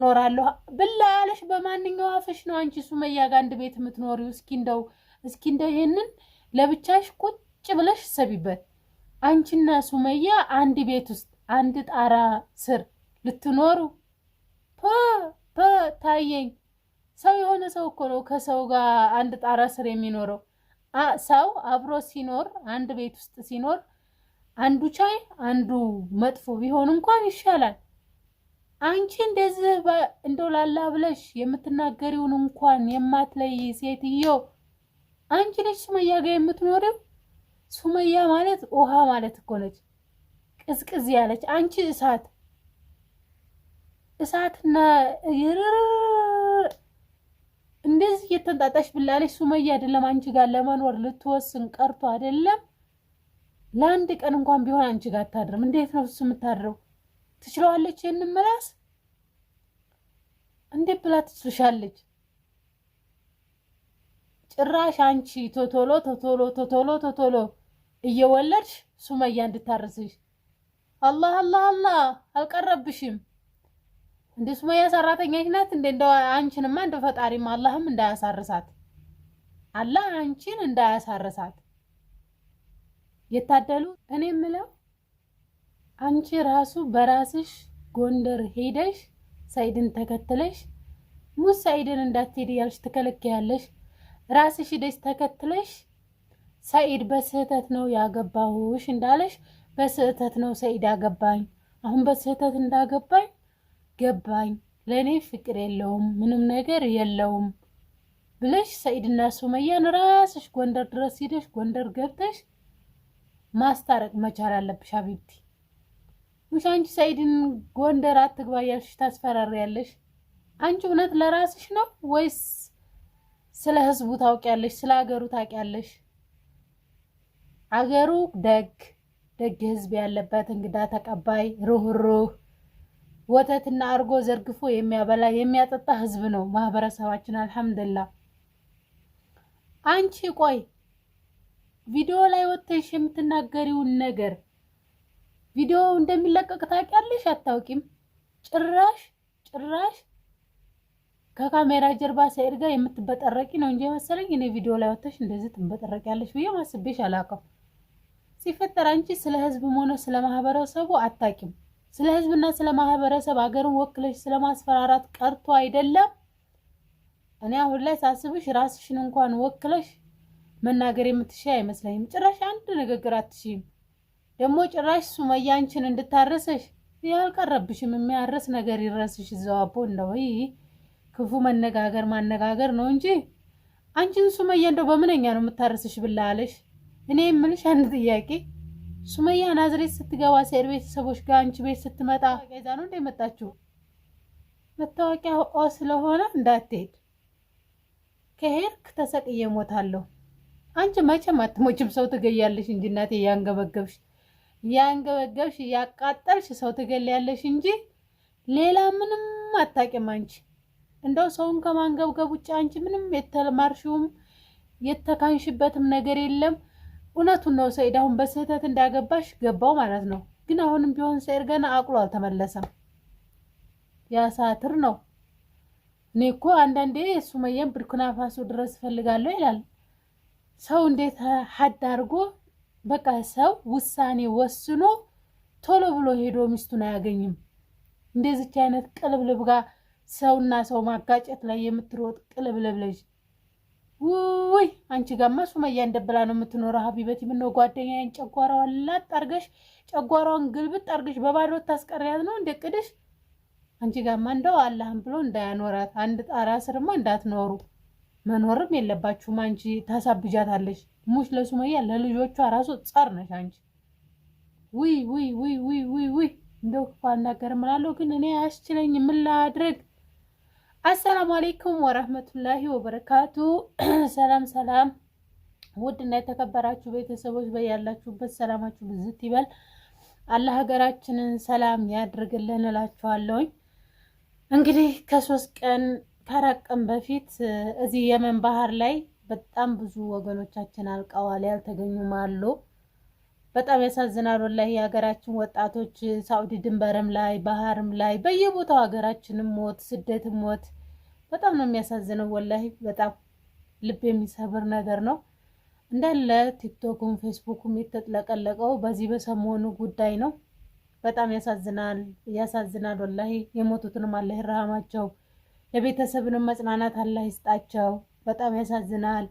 ትኖራለሁ ብላ ያለሽ በማንኛው አፍሽ ነው አንቺ ሱመያ ጋ አንድ ቤት የምትኖሪው? እስኪ እንደው እስኪ እንደው ይሄንን ለብቻሽ ቁጭ ብለሽ ሰቢበት። አንቺና ሱመያ አንድ ቤት ውስጥ አንድ ጣራ ስር ልትኖሩ ፐ ፐ ታየኝ። ሰው የሆነ ሰው እኮ ነው ከሰው ጋር አንድ ጣራ ስር የሚኖረው። ሰው አብሮ ሲኖር አንድ ቤት ውስጥ ሲኖር አንዱ ቻይ አንዱ መጥፎ ቢሆን እንኳን ይሻላል። አንቺ እንደዚህ እንደላላ ብለሽ የምትናገሪውን እንኳን የማትለይ ሴትዮ አንቺ ልጅ ሱመያ ጋር የምትኖሪው። ሱመያ ማለት ውሃ ማለት እኮ ነች፣ ቅዝቅዝ ያለች። አንቺ እሳት እሳትና እንደዚህ እየተንጣጣሽ ብላለች። ሱመያ አይደለም አንቺ ጋር ለመኖር ልትወስን ቀርቶ አይደለም ለአንድ ቀን እንኳን ቢሆን አንቺ ጋር አታድርም። እንዴት ነው እሱ የምታድረው? ትችለዋለች? ይህንን ምላስ እንዴት ብላ ትችልሻለች? ጭራሽ አንቺ ቶቶሎ ቶቶሎ ቶቶሎ ቶቶሎ እየወለድሽ ሱመያ እንድታርስሽ አላህ አላህ አላህ አልቀረብሽም። እንደ ሱመያ ሰራተኛሽ ናት። እንደ እንደው አንቺንማ እንደ ፈጣሪም አላህም እንዳያሳርሳት አላህ አንቺን እንዳያሳርሳት የታደሉ እኔ የምለው አንቺ ራሱ በራስሽ ጎንደር ሄደሽ ሳይድን ተከትለሽ ሙስ ሳይድን እንዳትሄድ እያልሽ ትከለክያለሽ። ራስሽ ሄደሽ ተከትለሽ ሰይድ በስህተት ነው ያገባሁሽ እንዳለሽ በስህተት ነው ሰይድ አገባኝ። አሁን በስህተት እንዳገባኝ ገባኝ። ለእኔ ፍቅር የለውም ምንም ነገር የለውም ብለሽ ሰኢድና ሱመያን ራስሽ ጎንደር ድረስ ሄደሽ ጎንደር ገብተሽ ማስታረቅ መቻል አለብሽ ሀቢብቲ። ሙሽ አንቺ ሰኢድን ጎንደር አትግባ እያልሽ ታስፈራሪያለሽ። አንቺ እውነት ለራስሽ ነው ወይስ ስለ ህዝቡ ታውቂያለሽ? ስለ ሀገሩ ታውቂያለሽ? አገሩ ደግ ደግ ህዝብ ያለበት እንግዳ ተቀባይ ሩህሩህ ወተትና አርጎ ዘርግፎ የሚያበላ የሚያጠጣ ህዝብ ነው ማህበረሰባችን። አልሐምድላ አንቺ ቆይ ቪዲዮ ላይ ወጥተሽ የምትናገሪውን ነገር ቪዲዮ እንደሚለቀቅ ታውቂያለሽ? አታውቂም? ጭራሽ ጭራሽ ከካሜራ ጀርባ ሰኢድ ጋር የምትበጠረቂ ነው እንጂ መሰለኝ እኔ ቪዲዮ ላይ ወጥተሽ እንደዚህ ትበጠረቂያለሽ ብዬ ማስቤሽ አላውቅም። ሲፈጠር አንቺ ስለ ህዝብም ሆነ ስለ ማህበረሰቡ አታውቂም። ስለ ህዝብና ስለ ማህበረሰብ አገርን ወክለሽ ስለ ማስፈራራት ቀርቶ አይደለም። እኔ አሁን ላይ ሳስብሽ ራስሽን እንኳን ወክለሽ መናገር የምትሽ አይመስለኝም። ጭራሽ አንድ ንግግር አትሽይም። ደግሞ ጭራሽ ሱመያ አንቺን እንድታረሰሽ ያልቀረብሽም የሚያረስ ነገር ይረስሽ እዛው አቦ እንደው ክፉ መነጋገር ማነጋገር ነው እንጂ አንቺን ሱመያ እንደው በምንኛ ነው የምታረስሽ ብላለሽ። እኔ የምልሽ አንድ ጥያቄ ሱመያ ናዝሬት ስትገባ ሴር ቤተሰቦች ጋር አንቺ ቤት ስትመጣ ጋይዛ ነው እንደ መጣችሁ መታወቂያ ኦ ስለሆነ እንዳትሄድ ከሄድክ ተሰቅዬ እሞታለሁ። አንቺ መቼም አትሞችም ሰው ትገያለሽ እንጂ እናቴ ያንገበገብሽ ያንገበገብሽ ያቃጠልሽ ሰው ትገለያለሽ እንጂ ሌላ ምንም አታውቂም አንቺ። እንደው ሰውን ከማንገብገብ ውጭ አንቺ ምንም የተማርሽውም የተካንሽበትም ነገር የለም። እውነቱን ነው ሰኢድ አሁን በስህተት እንዳገባሽ ገባው ማለት ነው። ግን አሁንም ቢሆን ሰኢድ ገና አቅሎ አልተመለሰም። ያሳትር ነው። እኔ እኮ አንዳንዴ ሱመያን ብርኩናፋሱ ድረስ እፈልጋለሁ ይላል ሰው እንዴት ሀድ አድርጎ በቃ ሰው ውሳኔ ወስኖ ቶሎ ብሎ ሄዶ ሚስቱን አያገኝም። እንደዚች አይነት ቅልብልብ ጋር ሰውና ሰው ማጋጨት ላይ የምትሮጥ ቅልብልብ ልጅ ውይ አንቺ ጋማ ሱመያ እንደብላ ነው የምትኖረው። ሀቢበት ምነው ጓደኛዬን ጨጓራዋን ላጥ አርገሽ ጨጓራዋን ግልብጥ አርገሽ በባዶ ታስቀሪያት ነው እንደ ቅድሽ። አንቺ ጋማ እንደው አላህም ብሎ እንዳያኖራት አንድ ጣራ ስርማ እንዳትኖሩ መኖርም የለባችሁም። አንቺ ታሳብጃታለሽ። ሙሽ ለሱመያ ለልጆቿ ራሱ ጸር ነሽ አንቺ። ውይ ውይ ውይ ውይ ውይ ውይ እንደው ክፉ አናገርም እላለሁ፣ ግን እኔ አያስችለኝ። ምን ላድርግ? አሰላሙ አሌይኩም ወረህመቱላሂ ወበረካቱ። ሰላም ሰላም፣ ውድና የተከበራችሁ ቤተሰቦች በያላችሁበት ሰላማችሁ ብዝት ይበል። አላህ ሀገራችንን ሰላም ያድርግልን እላችኋለሁኝ። እንግዲህ ከሶስት ቀን ከአራት ቀን በፊት እዚህ የመን ባህር ላይ በጣም ብዙ ወገኖቻችን አልቀዋል፣ ያልተገኙም አሉ። በጣም ያሳዝናል ላይ የሀገራችን ወጣቶች ሳውዲ ድንበርም ላይ ባህርም ላይ በየቦታው ሀገራችንም ሞት፣ ስደትም ሞት በጣም ነው የሚያሳዝነው ወላሂ። በጣም ልብ የሚሰብር ነገር ነው። እንዳለ ቲክቶክም ፌስቡክም የተጥለቀለቀው በዚህ በሰሞኑ ጉዳይ ነው። በጣም ያሳዝናል ያሳዝናል ወላሂ። የሞቱትንም አላህ ይርሃማቸው፣ የቤተሰብንም መጽናናት አላህ ይስጣቸው። በጣም ያሳዝናል።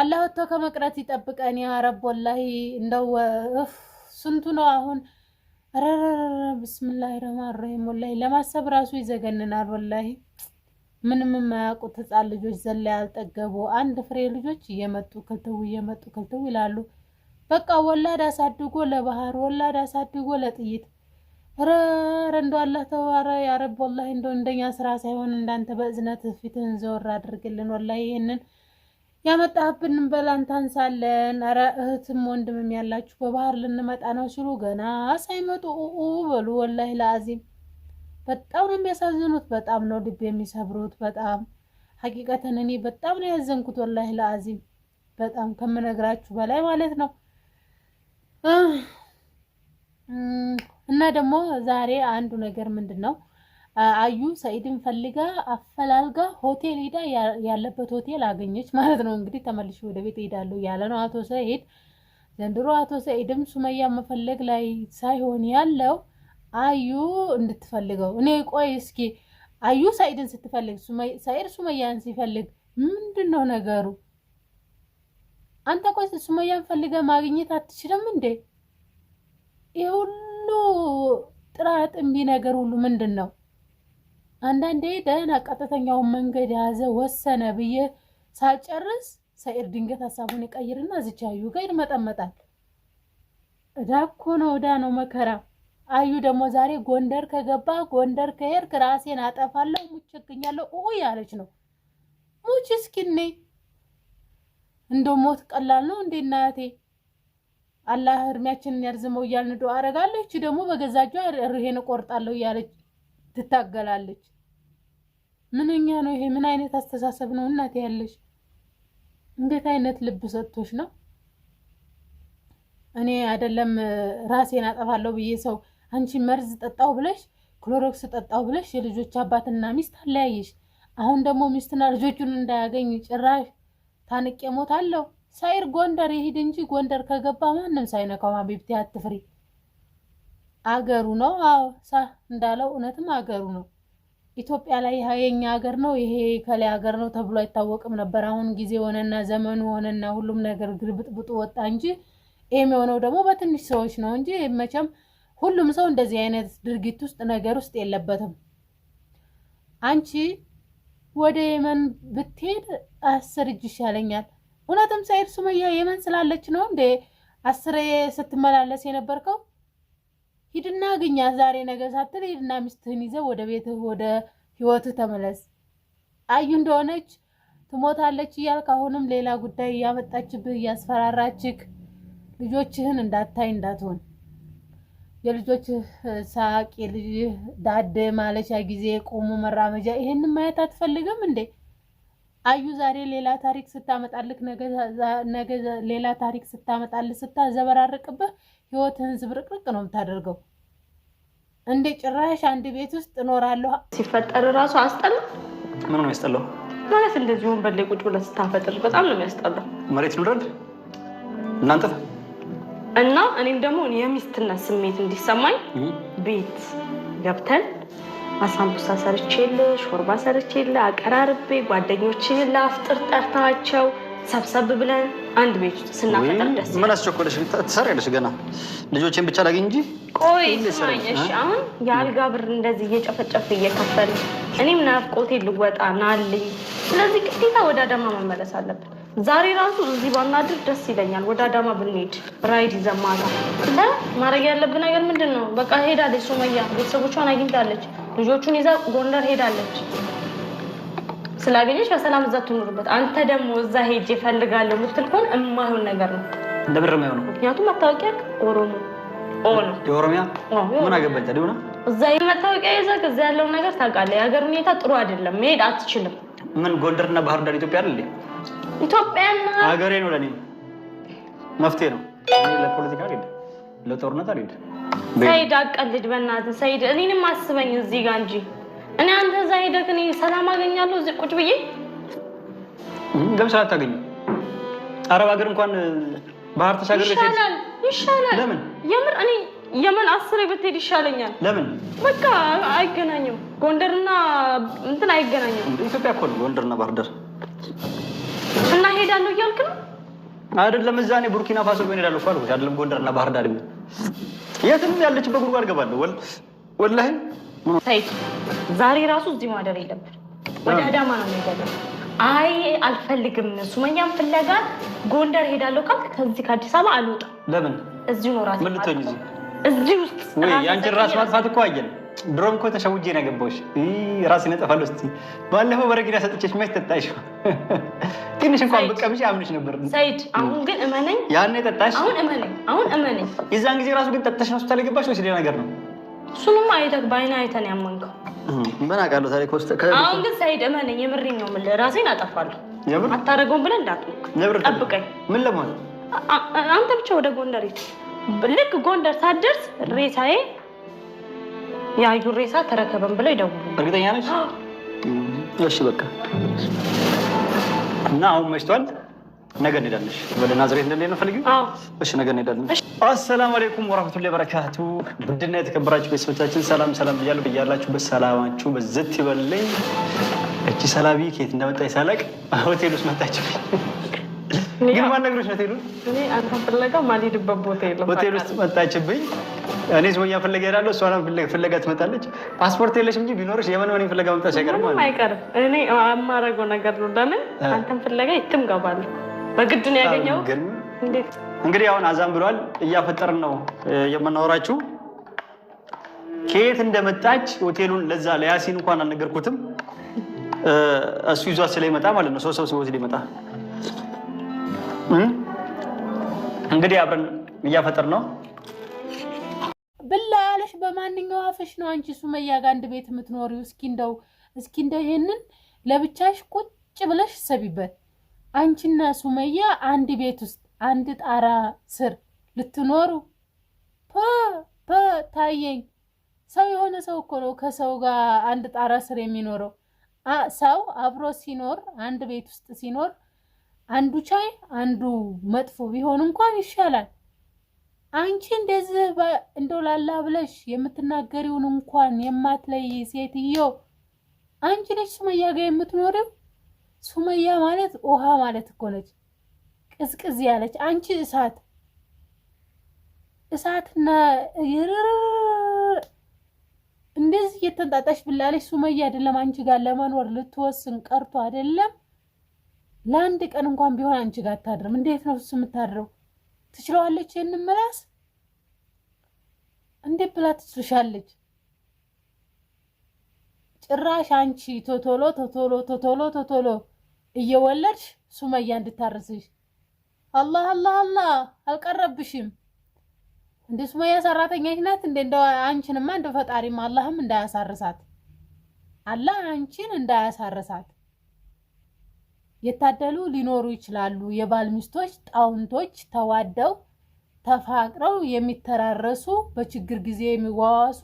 አላህ ወጥቶ ከመቅረት ይጠብቀን። ያ ረብ ወላሂ እንደው ስንቱ ነው አሁን ረረረረ ብስምላህ ረህማን ረሂም ወላሂ ለማሰብ ራሱ ይዘገንናል። ወላሂ ምንም የማያውቁት ህፃን ልጆች ዘላ ያልጠገቡ አንድ ፍሬ ልጆች እየመጡ ክልትው እየመጡ ክልትው ይላሉ። በቃ ወላድ አሳድጎ ለባህር ወላድ አሳድጎ ለጥይት ረ እንደው አላህ ተው፣ ያረብ ያ ረብ ወላሂ እንደው እንደኛ ስራ ሳይሆን እንዳንተ በእዝነት ፊትህን ዘወር አድርግልን። ወላሂ ይህንን ያመጣህብን በል አንተ አንሳለን። ኧረ እህትም ወንድምም ያላችሁ በባህር ልንመጣ ነው ሲሉ ገና ሳይመጡ ኡኡ በሉ። ወላሂ ለአዚም በጣም ነው የሚያሳዝኑት። በጣም ነው ልብ የሚሰብሩት። በጣም ሀቂቀተን እኔ በጣም ነው ያዘንኩት። ወላሂ ለአዚም በጣም ከምነግራችሁ በላይ ማለት ነው። እና ደግሞ ዛሬ አንዱ ነገር ምንድን ነው አዩ ሰኢድን ፈልጋ አፈላልጋ ሆቴል ሄዳ ያለበት ሆቴል አገኘች ማለት ነው። እንግዲህ ተመልሽ ወደ ቤት ሄዳለሁ ያለ ነው አቶ ሰኢድ። ዘንድሮ አቶ ሰኢድም ሱመያ መፈለግ ላይ ሳይሆን ያለው አዩ እንድትፈልገው። እኔ ቆይ እስኪ አዩ ሰኢድን ስትፈልግ ሰኢድ ሱመያን ሲፈልግ ምንድን ነው ነገሩ? አንተ ቆይ ሱመያን ፈልገ ማግኘት አትችልም እንዴ? ይሁሉ ሁሉ ጥራት ነገር ሁሉ ምንድን ነው? አንዳንዴ ደህና ቀጥተኛውን መንገድ የያዘ ወሰነ ብዬ ሳልጨርስ ሰኢድ ድንገት ሀሳቡን ይቀይርና እዚች አዩ ጋር ይመጠመጣል። እዳ እኮ ነው፣ እዳ ነው መከራ። አዩ ደግሞ ዛሬ ጎንደር ከገባ ጎንደር ከሄድክ ራሴን አጠፋለሁ፣ ሙች እገኛለሁ ኦ ያለች ነው። ሙች እስኪኔ እንደ ሞት ቀላል ነው እንዴ እናቴ አላህ እድሜያችንን ያርዝመው እያልን ዱዓ አደርጋለሁ። እቺ ደግሞ በገዛ እጇ ርሄን እቆርጣለሁ እያለች ትታገላለች። ምንኛ ነው ይሄ? ምን አይነት አስተሳሰብ ነው እናቴ ያለሽ? እንዴት አይነት ልብ ሰጥቶች ነው? እኔ አይደለም ራሴን አጠፋለሁ ብዬ ሰው አንቺ መርዝ ጠጣው ብለሽ ክሎሮክስ ጠጣው ብለሽ የልጆች አባትና ሚስት አለያየሽ። አሁን ደግሞ ሚስትና ልጆቹን እንዳያገኝ ጭራሽ ታንቄ ሞታለሁ ሳይር ጎንደር ይሄድ እንጂ ጎንደር ከገባ ማንም ሳይነካው ሀቢብቴ አትፍሪ። አገሩ ነው። አዎ ሳ እንዳለው እውነትም አገሩ ነው። ኢትዮጵያ ላይ ይሄ የኛ ሀገር ነው፣ ይሄ ከላይ ሀገር ነው ተብሎ አይታወቅም ነበር። አሁን ጊዜ ሆነና ዘመኑ ሆነና ሁሉም ነገር ግልብጥብጡ ወጣ እንጂ ይህም የሆነው ደግሞ በትንሽ ሰዎች ነው እንጂ መቼም ሁሉም ሰው እንደዚህ አይነት ድርጊት ውስጥ ነገር ውስጥ የለበትም። አንቺ ወደ የመን ብትሄድ አስር እጅ ይሻለኛል እውነትም ሰኢድ ሱመያ የመን ስላለች ነው እንዴ አስሬ ስትመላለስ የነበርከው? ሂድና ግኛ ዛሬ ነገ ሳትል ሂድና ሚስትህን ይዘህ ወደ ቤትህ ወደ ህይወትህ ተመለስ። አዩ እንደሆነች ትሞታለች እያልክ አሁንም ሌላ ጉዳይ እያመጣችብህ እያስፈራራችህ ልጆችህን እንዳታይ እንዳትሆን የልጆች ሳቅ የልጅህ ዳደ ማለቻ ጊዜ ቁሙ መራመጃ ይሄንን ማየት አትፈልግም እንዴ? አዩ ዛሬ ሌላ ታሪክ ስታመጣልክ ነገ ሌላ ታሪክ ስታመጣልህ ስታዘበራርቅብህ ህይወትህን ዝብርቅርቅ ነው የምታደርገው። እንደ ጭራሽ አንድ ቤት ውስጥ እኖራለሁ ሲፈጠር እራሱ አስጠላ። ምን ነው ያስጠላው? ማለት እንደዚህ ወንበር ላይ ቁጭ ብለህ ስታፈጥር በጣም ነው የሚያስጠላው። መሬት ልውረድ እናንተ እና እኔም ደግሞ የሚስትነት ስሜት እንዲሰማኝ ቤት ገብተን አሳምቡሳ ሰርቼል፣ ሾርባ ሰርቼል፣ አቀራርቤ ጓደኞችህን ለአፍጥር ጠርታቸው ሰብሰብ ብለን አንድ ቤት ውስጥ ስናፈጠር ደስ ምን አስቸኮለሽ? ትሰሪያለሽ ገና ልጆችን ብቻ ላግኝ እንጂ። ቆይ ስማኝሽ፣ አሁን የአልጋ ብር እንደዚህ እየጨፈጨፍ እየከፈል እኔም ናፍቆቴ ልወጣ ናልኝ። ስለዚህ ግዴታ ወደ አዳማ መመለስ አለብን። ዛሬ ራሱ እዚህ ባናድር ደስ ይለኛል። ወደ አዳማ ብንሄድ ራይድ ይዘማታ። ማድረግ ያለብን ነገር ምንድን ነው? በቃ ሄዳለች ሱመያ ቤተሰቦቿን አግኝታለች። ልጆቹን ይዛ ጎንደር ሄዳለች። ስላገኘች በሰላም እዛ ትኖርበት። አንተ ደግሞ እዛ ሄጅ እፈልጋለሁ የምትል ከሆነ እማይሆን ነገር ነው፣ እንደ ብር የማይሆን ነው። ምክንያቱም መታወቂያ ኦሮሞ ኦሎ የኦሮሚያ ምን አገባኝ ሆነ እዛ መታወቂያ ይዛ ከዛ ያለውን ነገር ታውቃለህ። የሀገር ሁኔታ ጥሩ አይደለም፣ መሄድ አትችልም። ምን ጎንደርና ባህር ዳር ኢትዮጵያ አይደል? ኢትዮጵያና ሀገሬ ነው፣ ለእኔ መፍትሄ ነው፣ ለፖለቲካ አይደለም። ለጦርነት አልሄድም። ሰይድ አቀልድ፣ በእናትህ ሰይድ፣ እኔንም አስበኝ እዚህ ጋር እንጂ እኔ አንተ እዛ ሄደህ እኔ ሰላም አገኛለሁ እዚህ ቁጭ ብዬ ለምን ሰላም አታገኝም? አረብ ሀገር እንኳን ባህር ተሻገር ይሻላል። ይሻላል። ለምን የምር እኔ የምን አስሬ ብትሄድ ይሻለኛል። ለምን በቃ አይገናኝም። ጎንደርና እንትን አይገናኝም። ኢትዮጵያ እኮ ነው ጎንደርና ባህር ዳር እና ሄዳለሁ እያልክ ነው አይደለም? እዛ እኔ ቡርኪና ፋሶ ሄዳለሁ እኮ አልኩት። አይደለም ጎንደርና ባህር ዳር የትም ያለች በጉድጓድ ገባለሁ። ወላሂ ሰይፍ ዛሬ ራሱ እዚህ ማደር የለብን። ወደ አዳማ ነው የሚገባው። አይ አልፈልግም። ሱመኛም ፍለጋ ጎንደር ሄዳለሁ ካልክ ከዚህ ከአዲስ አበባ አልወጣም። ለምን? እዚሁ ነው ራሴ እዚህ ውስጥ ወይ አንቺን ራስ ማጥፋት እኮ አየን ድሮም እኮ ተሸውጄ ነው ያገባሁሽ። ራሴ አጠፋለሁ ስትይ ባለፈው በረኪና ሰጥቼሽ መች ጠጣሽ? ትንሽ እንኳን ብቀምሽ አምንሽ ነበር። ሰይድ አሁን ግን እመነኝ፣ ያኔ ጠጣሽ፣ አሁን እመነኝ፣ አሁን እመነኝ። የዛን ጊዜ ራሱ ግን ጠጥተሽ ነው ሆስፒታል የገባሽ ወይስ ሌላ ነገር ነው? እሱንም አይተህ በዓይን አይተን ያመንከው ምን አውቃለሁ ታዲያ። ከውስጥ አሁን ግን ሰይድ እመነኝ፣ የምሬን ነው የምልህ። ራሴን አጠፋለሁ አታደርገውም ብለህ እንዳትሞክር፣ ጠብቀኝ። ምን ለመሆን አንተ ብቻ ወደ ጎንደር ልክ ጎንደር ሳትደርስ ሬሳዬ የአዩ ሬሳ ተረከበን ብለው ይደውሉ። እርግጠኛ ነች? እሺ በቃ እና አሁን መሽቷል። ነገ እንሄዳለሽ ወደ ናዝሬት ነው ፈልጊ። እሺ ነገ እንሄዳለን። አሰላሙ አሌይኩም ወራህመቱላሂ ወበረካቱ። ውድና የተከበራችሁ ቤተሰቦቻችን ሰላም ሰላም ብያለሁ። ብያላችሁበት በሰላማችሁ በዘት ይበልልኝ። እቺ ሰላቢ ከየት እንደመጣች ሳላቅ ሆቴል ውስጥ መጣችብኝ። ግን ማን ነግሮሽ ነው? ቴሉን እኔ አንተን ፍለጋ ማልሄድበት ቦታ የለም። ሆቴል ውስጥ መጣችብኝ። እኔ ስሞኛ ፍለጋ እሄዳለሁ፣ እሷ ፍለጋ ትመጣለች። ፓስፖርት የለሽም እንጂ ቢኖርሽ የመን መኔ ፍለጋ መምጣት አይቀርም። እኔ የማደርገው ነገር ነው። ለምን አንተን ፍለጋ የትም ገባለሁ። በግድ ነው ያገኘው። እንግዲህ አሁን አዛን ብሏል፣ እያፈጠርን ነው የምናወራችሁ። ከየት እንደመጣች ሆቴሉን ለዛ ለያሲን እንኳን አልነገርኩትም። እሱ ይዟት ስለይመጣ ማለት ነው ሰው ሰብስቦ ስለይመጣ እንግዲህ አብረን እያፈጠር ነው ብላ አለሽ። በማንኛው አፈሽ ነው አንቺ ሱመያ ጋር አንድ ቤት የምትኖሪው? እስኪ እንደው እስኪ እንደው ይሄንን ለብቻሽ ቁጭ ብለሽ ሰቢበት። አንቺና ሱመያ አንድ ቤት ውስጥ አንድ ጣራ ስር ልትኖሩ ፐ ታየኝ። ሰው የሆነ ሰው እኮ ነው ከሰው ጋር አንድ ጣራ ስር የሚኖረው። ሰው አብሮ ሲኖር አንድ ቤት ውስጥ ሲኖር አንዱ ቻይ አንዱ መጥፎ ቢሆን እንኳን ይሻላል። አንቺ እንደዚህ እንደው ላላ ብለሽ የምትናገሪውን እንኳን የማትለይ ሴትዮ አንቺ ነች ሱመያ ጋር የምትኖሪው። ሱመያ ማለት ውሃ ማለት እኮ ነች፣ ቅዝቅዝ ያለች አንቺ እሳት እሳትና እንደዚህ እየተንጣጣሽ ብላለች። ሱመያ አይደለም አንቺ ጋር ለመኖር ልትወስን ቀርቶ አይደለም ለአንድ ቀን እንኳን ቢሆን አንቺ ጋር አታድርም። እንዴት ነው እሱ የምታድረው? ትችለዋለች? ይህን ምላስ እንዴት ብላ ትችልሻለች? ጭራሽ አንቺ ቶቶሎ ቶቶሎ ቶቶሎ ቶቶሎ እየወለድሽ ሱመያ እንድታርስሽ አላህ አላህ አላህ አልቀረብሽም እንደ ሱመያ ሰራተኛሽ ናት። እንደ እንደ አንቺንማ እንደ ፈጣሪም አላህም እንዳያሳርሳት አላህ አንቺን እንዳያሳርሳት የታደሉ ሊኖሩ ይችላሉ። የባል ሚስቶች ጣውንቶች ተዋደው ተፋቅረው የሚተራረሱ በችግር ጊዜ የሚዋዋሱ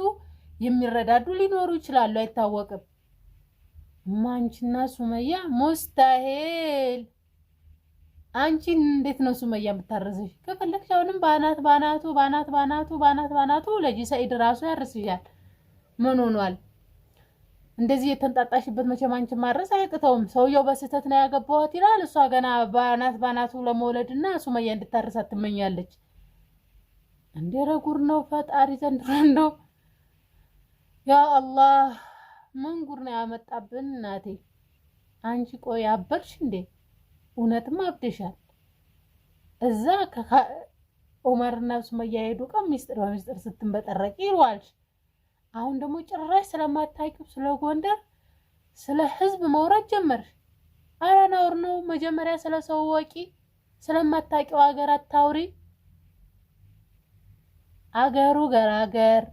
የሚረዳዱ ሊኖሩ ይችላሉ። አይታወቅም። ማንችና ሱመያ ሙስታሄል አንቺ እንዴት ነው ሱመያ የምታረስሽ? ከፈለግሽ አሁንም ባናት ባናቱ ባናት ባናቱ ባናት ባናቱ ለጂ ሰኢድ ራሱ ያርስሻል። ምን ሆኗል? እንደዚህ የተንጣጣሽበት መቼም ማንች ማድረስ አያቅተውም። ሰውየው በስህተት ነው ያገባዋት ይላል። እሷ ገና ባናት ባናቱ ለመውለድ እና ሱመያ እንድታርሳት ትመኛለች። እንደ ረጉር ነው ፈጣሪ ዘንድ ነው። ያ አላህ ምን ጉር ነው ያመጣብን? እናቴ አንቺ ቆይ ያበርሽ እንዴ? እውነትም አብደሻል። እዛ ኡመርና ሱመያ ሄዱ ቀን ሚስጥር በሚስጥር ስትንበጠረቂ ይሏልሽ አሁን ደግሞ ጭራሽ ስለማታውቂው ስለ ጎንደር ስለ ህዝብ ማውራት ጀመርሽ። ኧረ ነውር ነው። መጀመሪያ ስለ ሰው ወቂ፣ ስለማታውቂው ሀገር አታውሪ። አገሩ ገራገር፣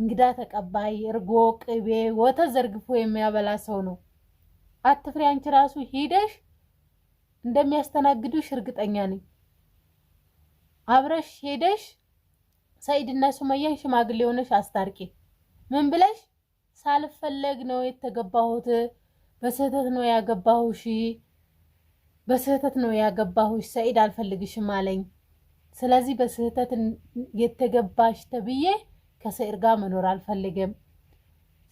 እንግዳ ተቀባይ፣ እርጎ ቅቤ፣ ወተት ዘርግፎ የሚያበላ ሰው ነው። አትፍሪ። አንቺ ራሱ ሂደሽ እንደሚያስተናግዱሽ እርግጠኛ ነኝ። አብረሽ ሄደሽ ሰኢድና ሱመያን ሽማግሌ ሆነሽ አስታርቂ። ምን ብለሽ ሳልፈለግ ነው የተገባሁት፣ በስህተት ነው ያገባሁሽ፣ በስህተት ነው ያገባሁሽ፣ ሰኢድ አልፈልግሽም አለኝ። ስለዚህ በስህተት የተገባሽ ተብዬ ከሰኢድ ጋር መኖር አልፈልግም።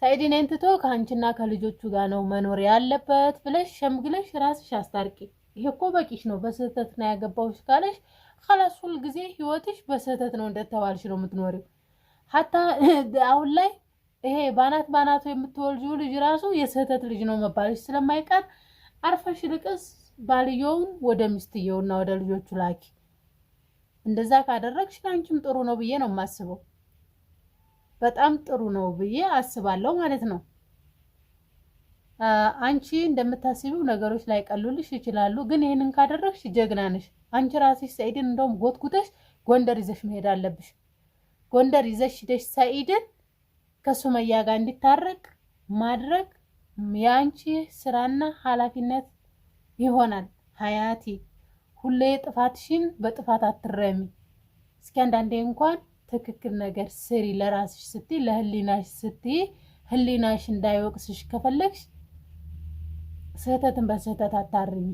ሰኢድ እኔን ከአንቺና ከልጆቹ ጋር ነው መኖር ያለበት ብለሽ ሸምግለሽ ራስሽ አስታርቂ። ይሄ እኮ በቂሽ ነው። በስህተት ነው ያገባሁሽ ካለሽ ካላስ ሁልጊዜ ህይወትሽ በስህተት ነው እንደተባልሽ ነው የምትኖሪው። ሀታ አሁን ላይ ይሄ ባናት ባናቱ የምትወልጂው ልጅ ራሱ የስህተት ልጅ ነው መባልሽ ስለማይቀር አርፈሽ ልቅስ ባልየውን ወደ ሚስትየውና ወደ ልጆቹ ላኪ። እንደዛ ካደረግሽ ለአንቺም ጥሩ ነው ብዬ ነው የማስበው። በጣም ጥሩ ነው ብዬ አስባለሁ ማለት ነው። አንቺ እንደምታስቢው ነገሮች ላይ ቀሉልሽ ይችላሉ፣ ግን ይህንን ካደረግሽ ጀግና ነሽ። አንቺ ራስሽ ሰኢድን እንደውም ጎትጉተሽ ጎንደር ይዘሽ መሄድ አለብሽ። ጎንደር ይዘሽ ሂደሽ ሰኢድን ከሱመያ ጋር እንዲታረቅ ማድረግ የአንቺ ስራና ኃላፊነት ይሆናል። ሀያቲ ሁሌ ጥፋትሽን በጥፋት አትረሚ። እስኪ አንዳንዴ እንኳን ትክክል ነገር ስሪ፣ ለራስሽ ስቲ፣ ለህሊናሽ ስቲ። ህሊናሽ እንዳይወቅስሽ ከፈለግሽ ስህተትን በስህተት አታርሚ።